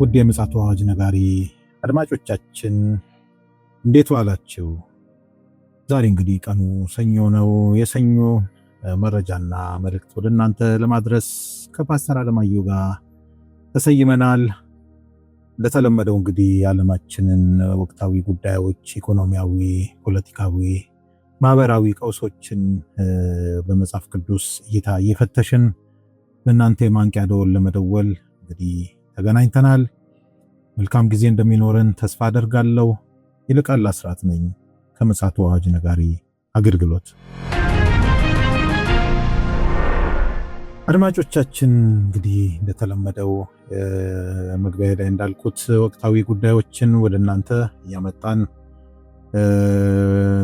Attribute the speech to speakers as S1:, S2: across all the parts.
S1: ውድ የምፅዓቱ አዋጅ ነጋሪ አድማጮቻችን እንዴት ዋላችሁ? ዛሬ እንግዲህ ቀኑ ሰኞ ነው። የሰኞ መረጃና መልእክት ወደ እናንተ ለማድረስ ከፓስተር አለማየሁ ጋር ተሰይመናል። እንደተለመደው እንግዲህ የዓለማችንን ወቅታዊ ጉዳዮች፣ ኢኮኖሚያዊ፣ ፖለቲካዊ፣ ማህበራዊ ቀውሶችን በመጽሐፍ ቅዱስ እይታ እየፈተሽን ለእናንተ የማንቂያ ደወል ለመደወል እንግዲህ ተገናኝተናል። መልካም ጊዜ እንደሚኖረን ተስፋ አደርጋለሁ። ይልቃል አስራት ነኝ ከምፅዓቱ አዋጅ ነጋሪ አገልግሎት። አድማጮቻችን እንግዲህ እንደተለመደው መግቢያ ላይ እንዳልኩት ወቅታዊ ጉዳዮችን ወደ እናንተ እያመጣን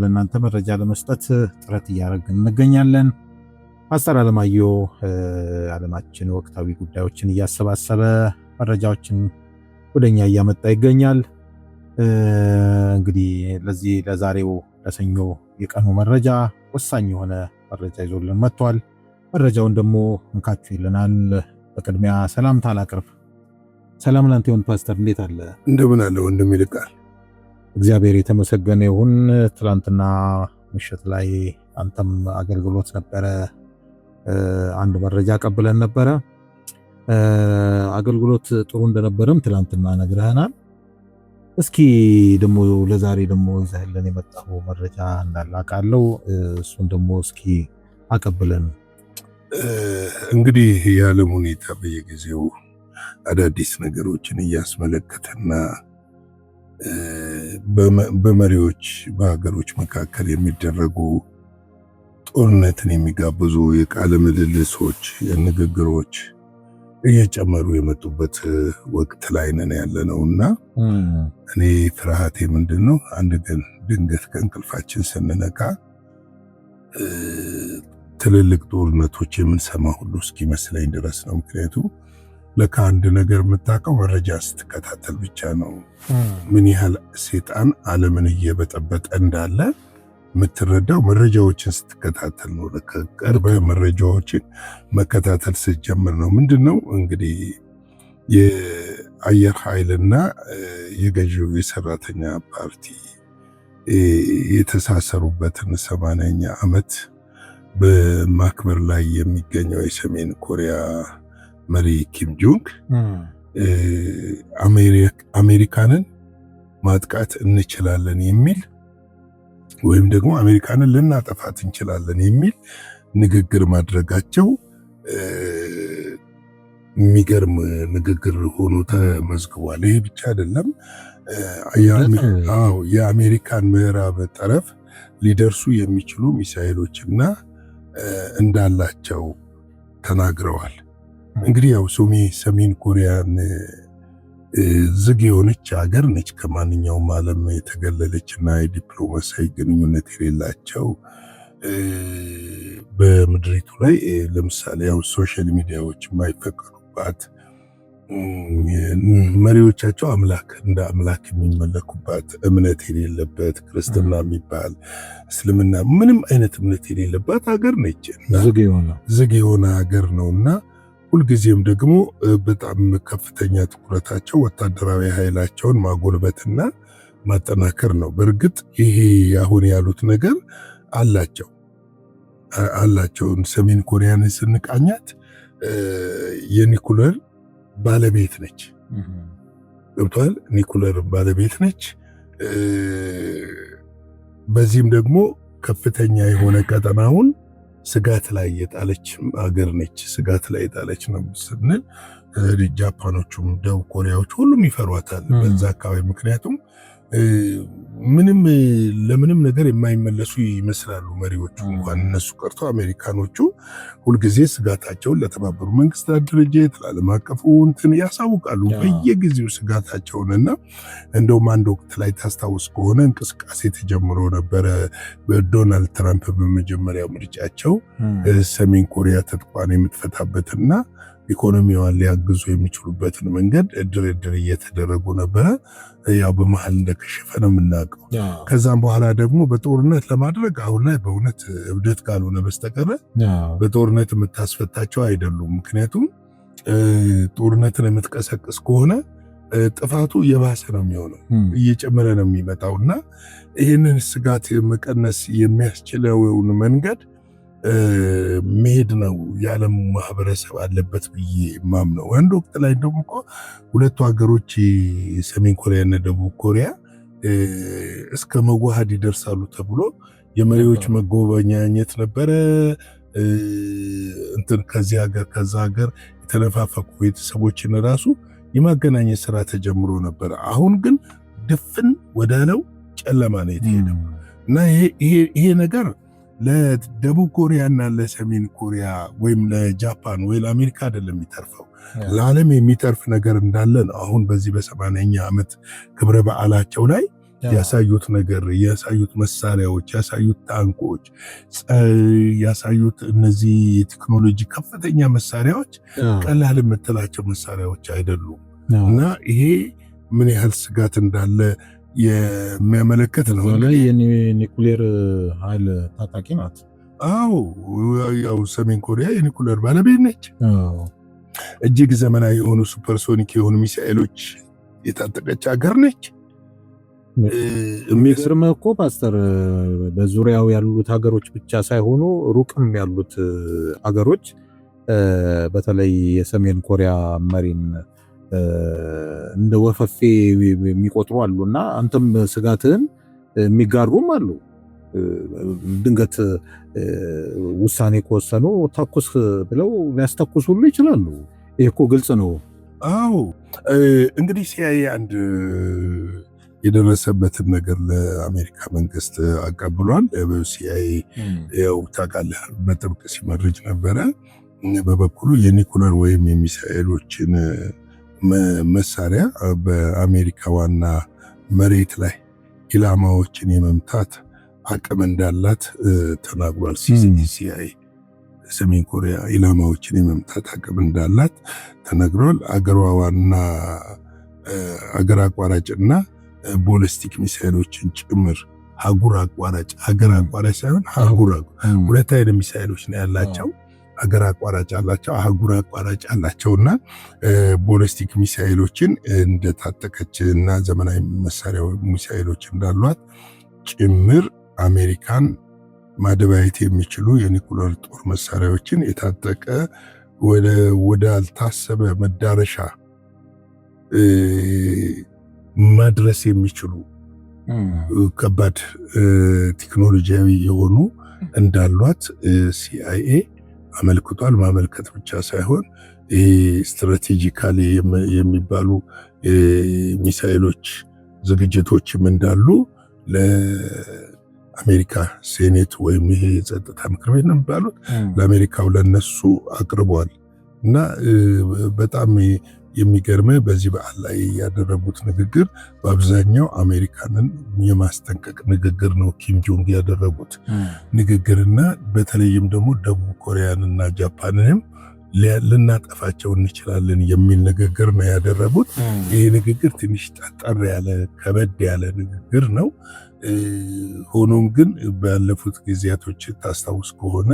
S1: ለእናንተ መረጃ ለመስጠት ጥረት እያደረግን እንገኛለን። ፓስተር አለማየሁ አለማችን ወቅታዊ ጉዳዮችን እያሰባሰበ መረጃዎችን ወደ እኛ እያመጣ ይገኛል። እንግዲህ ለዚህ ለዛሬው ለሰኞ የቀኑ መረጃ ወሳኝ የሆነ መረጃ ይዞልን መጥቷል። መረጃውን ደግሞ እንካችሁ ይልናል። በቅድሚያ ሰላምታ ላቅርብ። ሰላም ላንተ ይሁን ፓስተር፣ እንዴት አለ?
S2: እንደምን አለ ወንድም ይልቃል?
S1: እግዚአብሔር የተመሰገነ ይሁን። ትላንትና ምሽት ላይ አንተም አገልግሎት ነበረ፣ አንድ መረጃ ቀብለን ነበረ። አገልግሎት ጥሩ እንደነበረም ትላንትና ነግረህናል። እስኪ ደግሞ ለዛሬ ደግሞ ዘህለን የመጣው መረጃ እንዳላቃለው እሱን ደግሞ እስኪ አቀብለን።
S2: እንግዲህ የዓለም ሁኔታ በየጊዜው አዳዲስ ነገሮችን እያስመለከተና በመሪዎች በሀገሮች መካከል የሚደረጉ ጦርነትን የሚጋብዙ የቃለ ምልልሶች፣ የንግግሮች እየጨመሩ የመጡበት ወቅት ላይ ነን ያለ ነው እና እኔ ፍርሃቴ ምንድን ነው? አንድ ቀን ድንገት ከእንቅልፋችን ስንነቃ ትልልቅ ጦርነቶች የምንሰማ ሁሉ እስኪመስለኝ ድረስ ነው። ምክንያቱም ለካ አንድ ነገር የምታውቀው መረጃ ስትከታተል ብቻ ነው። ምን ያህል ሴጣን ዓለምን እየበጠበጠ እንዳለ የምትረዳው መረጃዎችን ስትከታተል ነው። ከቅርብ መረጃዎችን መከታተል ስትጀምር ነው። ምንድን ነው እንግዲህ የአየር ኃይልና የገዢው የሰራተኛ ፓርቲ የተሳሰሩበትን ሰማንያኛ ዓመት በማክበር ላይ የሚገኘው የሰሜን ኮሪያ መሪ ኪም ጆንግ አሜሪካንን ማጥቃት እንችላለን የሚል ወይም ደግሞ አሜሪካንን ልናጠፋት እንችላለን የሚል ንግግር ማድረጋቸው የሚገርም ንግግር ሆኖ ተመዝግቧል። ይሄ ብቻ አይደለም። የአሜሪካን ምዕራብ ጠረፍ ሊደርሱ የሚችሉ ሚሳይሎችና እንዳላቸው ተናግረዋል። እንግዲህ ያው ሶሜ ሰሜን ኮሪያን ዝግ የሆነች ሀገር ነች። ከማንኛውም ዓለም የተገለለች እና የዲፕሎማሲያዊ ግንኙነት የሌላቸው በምድሪቱ ላይ ለምሳሌ ያው ሶሻል ሚዲያዎች የማይፈቀዱባት መሪዎቻቸው አምላክ እንደ አምላክ የሚመለኩባት እምነት የሌለበት ክርስትና የሚባል እስልምና ምንም አይነት እምነት የሌለባት ሀገር ነች። ዝግ የሆነ ሀገር ነው እና ሁልጊዜም ደግሞ በጣም ከፍተኛ ትኩረታቸው ወታደራዊ ኃይላቸውን ማጎልበትና ማጠናከር ነው። በእርግጥ ይሄ አሁን ያሉት ነገር አላቸው አላቸውን ሰሜን ኮሪያን ስንቃኛት የኒኩለር ባለቤት ነች ገብቷል። ኒኩለር ባለቤት ነች። በዚህም ደግሞ ከፍተኛ የሆነ ቀጠናውን ስጋት ላይ የጣለች አገር ነች፣ ስጋት ላይ የጣለች ነው ስንል ጃፓኖቹም ደቡብ ኮሪያዎች ሁሉም ይፈሯታል በዛ አካባቢ ምክንያቱም ምንም ለምንም ነገር የማይመለሱ ይመስላሉ መሪዎቹ እንኳን እነሱ ቀርቶ አሜሪካኖቹ ሁልጊዜ ስጋታቸውን ለተባበሩ መንግስታት ድርጅት ለዓለም አቀፉ እንትን ያሳውቃሉ በየጊዜው ስጋታቸውን እና እንደውም አንድ ወቅት ላይ ታስታውስ ከሆነ እንቅስቃሴ ተጀምሮ ነበረ በዶናልድ ትራምፕ በመጀመሪያ ምርጫቸው ሰሜን ኮሪያ ተጥቋን የምትፈታበትና ኢኮኖሚዋን ሊያግዙ የሚችሉበትን መንገድ ድርድር እየተደረጉ ነበረ። ያው በመሀል እንደከሸፈ ነው የምናውቀው። ከዛም በኋላ ደግሞ በጦርነት ለማድረግ አሁን ላይ በእውነት እብደት ካልሆነ በስተቀረ በጦርነት የምታስፈታቸው አይደሉም። ምክንያቱም ጦርነትን የምትቀሰቅስ ከሆነ ጥፋቱ እየባሰ ነው የሚሆነው፣ እየጨመረ ነው የሚመጣው እና ይህንን ስጋት መቀነስ የሚያስችለውን መንገድ መሄድ ነው የዓለም ማህበረሰብ አለበት ብዬ ማምነው። አንድ ወቅት ላይ ደግሞ እኮ ሁለቱ ሀገሮች ሰሜን ኮሪያ እና ደቡብ ኮሪያ እስከ መዋሃድ ይደርሳሉ ተብሎ የመሪዎች መጎበኛኘት ነበረ። እንትን ከዚህ ሀገር ከዛ ሀገር የተነፋፈቁ ቤተሰቦችን ራሱ የማገናኘት ስራ ተጀምሮ ነበረ። አሁን ግን ድፍን ወዳለው ጨለማ ነው የተሄደው እና ይሄ ነገር ለደቡብ ኮሪያ እና ለሰሜን ኮሪያ ወይም ለጃፓን ወይ ለአሜሪካ አይደለም የሚተርፈው፣ ለዓለም የሚተርፍ ነገር እንዳለ ነው። አሁን በዚህ በሰማንያኛ ዓመት ክብረ በዓላቸው ላይ ያሳዩት ነገር ያሳዩት መሳሪያዎች፣ ያሳዩት ታንኮች፣ ያሳዩት እነዚህ የቴክኖሎጂ ከፍተኛ መሳሪያዎች ቀላል የምትላቸው መሳሪያዎች አይደሉም እና ይሄ ምን ያህል ስጋት እንዳለ የሚያመለከት ነው።
S1: ላይ የኒኩሌር ኃይል ታጣቂ ናት።
S2: አዎ ያው ሰሜን ኮሪያ የኒኩሌር ባለቤት ነች። እጅግ ዘመናዊ የሆኑ ሱፐርሶኒክ የሆኑ ሚሳኤሎች የታጠቀች ሀገር ነች።
S1: የሚገርመ እኮ ፓስተር በዙሪያው ያሉት ሀገሮች ብቻ ሳይሆኑ ሩቅም ያሉት ሀገሮች በተለይ የሰሜን ኮሪያ መሪን እንደ ወፈፌ የሚቆጥሩ አሉ እና አንተም ስጋትህን የሚጋሩም አሉ። ድንገት ውሳኔ ከወሰኑ ተኩስ ብለው ሊያስተኩስ ሁሉ ይችላሉ። ይህ እኮ ግልጽ ነው።
S2: አዎ እንግዲህ ሲአይኤ አንድ የደረሰበትን ነገር ለአሜሪካ መንግስት አቀብሏል። ሲአይኤ ያው ታውቃለህ በጥብቅ ሲመርጅ ነበረ። በበኩሉ የኒኩለር ወይም የሚሳኤሎችን መሳሪያ በአሜሪካ ዋና መሬት ላይ ኢላማዎችን የመምታት አቅም እንዳላት ተናግሯል። ሲሲአይ ሰሜን ኮሪያ ኢላማዎችን የመምታት አቅም እንዳላት ተነግሯል። አገሯ ዋና አገር አቋራጭና ቦለስቲክ ሚሳይሎችን ጭምር ሀጉር አቋራጭ ሀገር አቋራጭ ሳይሆን ሀጉር ሁለት አይነት ሚሳይሎች ነው ያላቸው አገር አቋራጭ አላቸው፣ አህጉር አቋራጭ አላቸው እና ቦለስቲክ ሚሳኤሎችን እንደታጠቀች እና ዘመናዊ መሳሪያ ሚሳይሎች እንዳሏት ጭምር አሜሪካን ማደባየት የሚችሉ የኒኩለር ጦር መሳሪያዎችን የታጠቀ ወዳልታሰበ መዳረሻ ማድረስ የሚችሉ ከባድ ቴክኖሎጂያዊ የሆኑ እንዳሏት ሲአይኤ አመልክቷል። ማመልከት ብቻ ሳይሆን ይሄ ስትራቴጂካሊ የሚባሉ ሚሳኤሎች ዝግጅቶችም እንዳሉ ለአሜሪካ ሴኔት ወይም ይሄ የጸጥታ ምክር ቤት ነው የሚባሉት ለአሜሪካው ለነሱ አቅርበዋል እና በጣም የሚገርመ በዚህ በዓል ላይ ያደረጉት ንግግር በአብዛኛው አሜሪካንን የማስጠንቀቅ ንግግር ነው። ኪም ጆንግ ያደረጉት ንግግርና በተለይም ደግሞ ደቡብ ኮሪያንና ጃፓንንም ልናጠፋቸው እንችላለን የሚል ንግግር ነው ያደረጉት። ይህ ንግግር ትንሽ ጠጠር ያለ ከበድ ያለ ንግግር ነው። ሆኖም ግን ባለፉት ጊዜያቶች ታስታውስ ከሆነ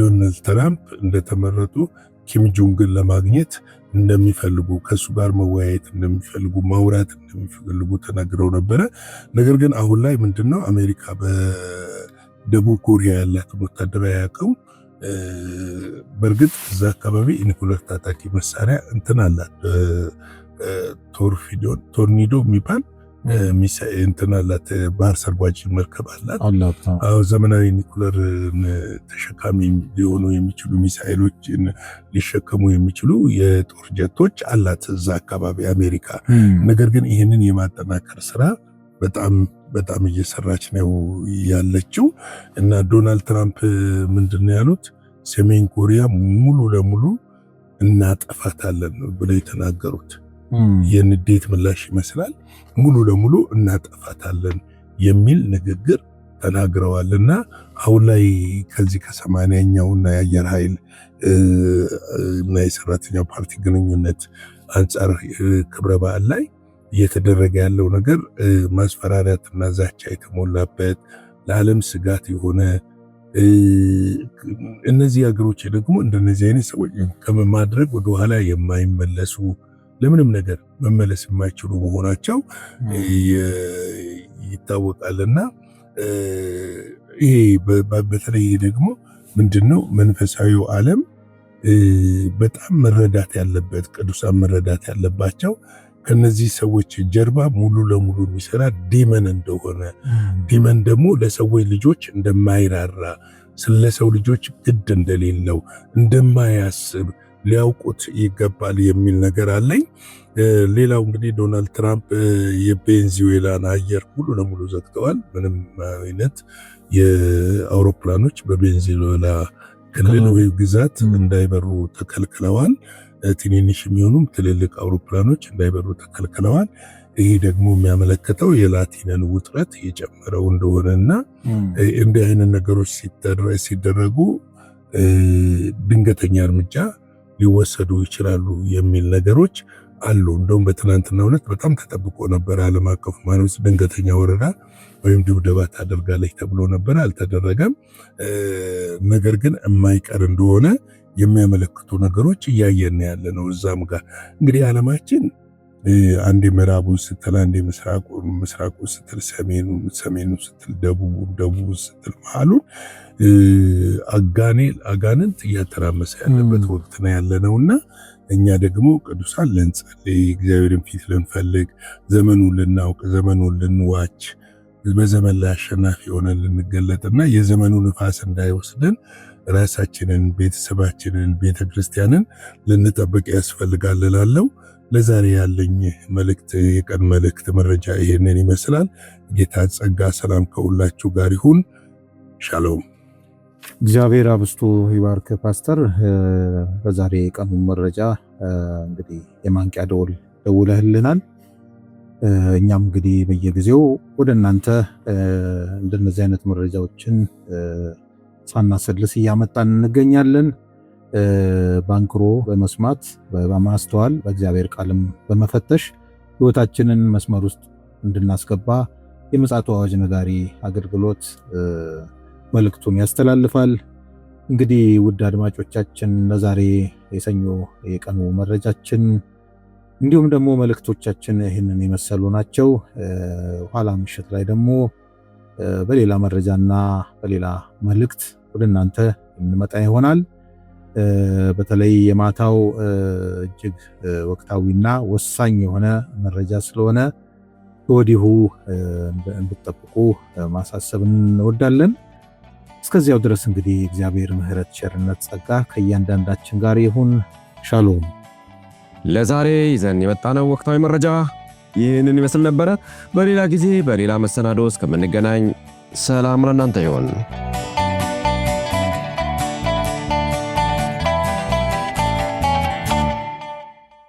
S2: ዶናልድ ትራምፕ እንደተመረጡ ኪም ጆንግን ለማግኘት እንደሚፈልጉ ከእሱ ጋር መወያየት እንደሚፈልጉ ማውራት እንደሚፈልጉ ተናግረው ነበረ። ነገር ግን አሁን ላይ ምንድነው አሜሪካ በደቡብ ኮሪያ ያላትን ወታደራዊ አቅም በእርግጥ እዛ አካባቢ የኒኩለር ታጣቂ መሳሪያ እንትን አላት ቶርኒዶ የሚባል እንትን አላት ባህር ሰርጓጅ መርከብ አላት። ዘመናዊ ኒኩለር ተሸካሚ ሊሆኑ የሚችሉ ሚሳኤሎችን ሊሸከሙ የሚችሉ የጦር ጀቶች አላት እዛ አካባቢ አሜሪካ። ነገር ግን ይህንን የማጠናከር ስራ በጣም በጣም እየሰራች ነው ያለችው እና ዶናልድ ትራምፕ ምንድን ነው ያሉት ሰሜን ኮሪያ ሙሉ ለሙሉ እናጠፋታለን ብለው የተናገሩት የንዴት ምላሽ ይመስላል። ሙሉ ለሙሉ እናጠፋታለን የሚል ንግግር ተናግረዋል እና አሁን ላይ ከዚህ ከሰማንያኛው እና የአየር ኃይል እና የሰራተኛው ፓርቲ ግንኙነት አንጻር ክብረ በዓል ላይ እየተደረገ ያለው ነገር ማስፈራሪያትና ዛቻ የተሞላበት ለዓለም ስጋት የሆነ እነዚህ ሀገሮች ደግሞ እንደነዚህ አይነት ሰዎች ከማድረግ ወደኋላ የማይመለሱ ለምንም ነገር መመለስ የማይችሉ መሆናቸው ይታወቃልና ይሄ በተለይ ደግሞ ምንድነው መንፈሳዊው ዓለም በጣም መረዳት ያለበት ቅዱሳን መረዳት ያለባቸው ከነዚህ ሰዎች ጀርባ ሙሉ ለሙሉ የሚሰራ ዲመን እንደሆነ ዲመን ደግሞ ለሰዎች ልጆች እንደማይራራ ስለሰው ልጆች ግድ እንደሌለው እንደማያስብ ሊያውቁት ይገባል የሚል ነገር አለኝ። ሌላው እንግዲህ ዶናልድ ትራምፕ የቬንዙዌላን አየር ሙሉ ለሙሉ ዘግተዋል። ምንም አይነት የአውሮፕላኖች በቬንዙዌላ ክልል ወይ ግዛት እንዳይበሩ ተከልክለዋል። ትንንሽ የሚሆኑም ትልልቅ አውሮፕላኖች እንዳይበሩ ተከልክለዋል። ይህ ደግሞ የሚያመለክተው የላቲንን ውጥረት የጨመረው እንደሆነ እና እንዲህ አይነት ነገሮች ሲደረጉ ድንገተኛ እርምጃ ሊወሰዱ ይችላሉ የሚል ነገሮች አሉ። እንደውም በትናንትና ዕለት በጣም ተጠብቆ ነበረ። ዓለም አቀፉ ማነስ ድንገተኛ ወረራ ወይም ድብደባ ታደርጋለች ተብሎ ነበረ፣ አልተደረገም። ነገር ግን የማይቀር እንደሆነ የሚያመለክቱ ነገሮች እያየን ያለ ነው። እዛም ጋር እንግዲህ ዓለማችን አንዴ ምዕራቡን ስትል አንዴ ምስራቁን ምስራቁን ስትል ሰሜኑን ሰሜኑን ስትል ደቡቡን ደቡቡን ስትል መሃሉን አጋኔል አጋንንት እያተራመሰ ያለበት ወቅት ነው ያለነውና እኛ ደግሞ ቅዱሳን ልንጸልይ እግዚአብሔርን ፊት ልንፈልግ ዘመኑን ልናውቅ ዘመኑን ልንዋች በዘመን ላይ አሸናፊ የሆነ ልንገለጥና የዘመኑ ንፋስ እንዳይወስደን ራሳችንን፣ ቤተሰባችንን፣ ቤተክርስቲያንን ልንጠብቅ ያስፈልጋል እላለሁ። ለዛሬ ያለኝ መልእክት የቀን መልእክት መረጃ ይሄንን ይመስላል። ጌታ ጸጋ ሰላም ከሁላችሁ ጋር ይሁን። ሻሎም።
S1: እግዚአብሔር አብስቶ ይባርክ። ፓስተር በዛሬ የቀኑ መረጃ እንግዲህ የማንቂያ ደወል ደውለህልናል። እኛም እንግዲህ በየጊዜው ወደ እናንተ እንደነዚህ አይነት መረጃዎችን ሳናሰልስ እያመጣን እንገኛለን። ባንክሮ በመስማት በማስተዋል በእግዚአብሔር ቃልም በመፈተሽ ህይወታችንን መስመር ውስጥ እንድናስገባ የምፅዓቱ አዋጅ ነጋሪ አገልግሎት መልእክቱን ያስተላልፋል። እንግዲህ ውድ አድማጮቻችን ለዛሬ የሰኞ የቀኑ መረጃችን እንዲሁም ደግሞ መልእክቶቻችን ይህንን የመሰሉ ናቸው። ኋላ ምሽት ላይ ደግሞ በሌላ መረጃና በሌላ መልእክት ወደ እናንተ የምንመጣ ይሆናል። በተለይ የማታው እጅግ ወቅታዊና ወሳኝ የሆነ መረጃ ስለሆነ ወዲሁ እንድጠብቁ ማሳሰብ እንወዳለን። እስከዚያው ድረስ እንግዲህ እግዚአብሔር ምሕረት፣ ቸርነት፣ ጸጋ ከእያንዳንዳችን ጋር ይሁን። ሻሎም። ለዛሬ ይዘን የመጣነው ወቅታዊ መረጃ ይህንን ይመስል ነበረ። በሌላ ጊዜ በሌላ መሰናዶ እስከምንገናኝ ሰላም ለእናንተ ይሆን።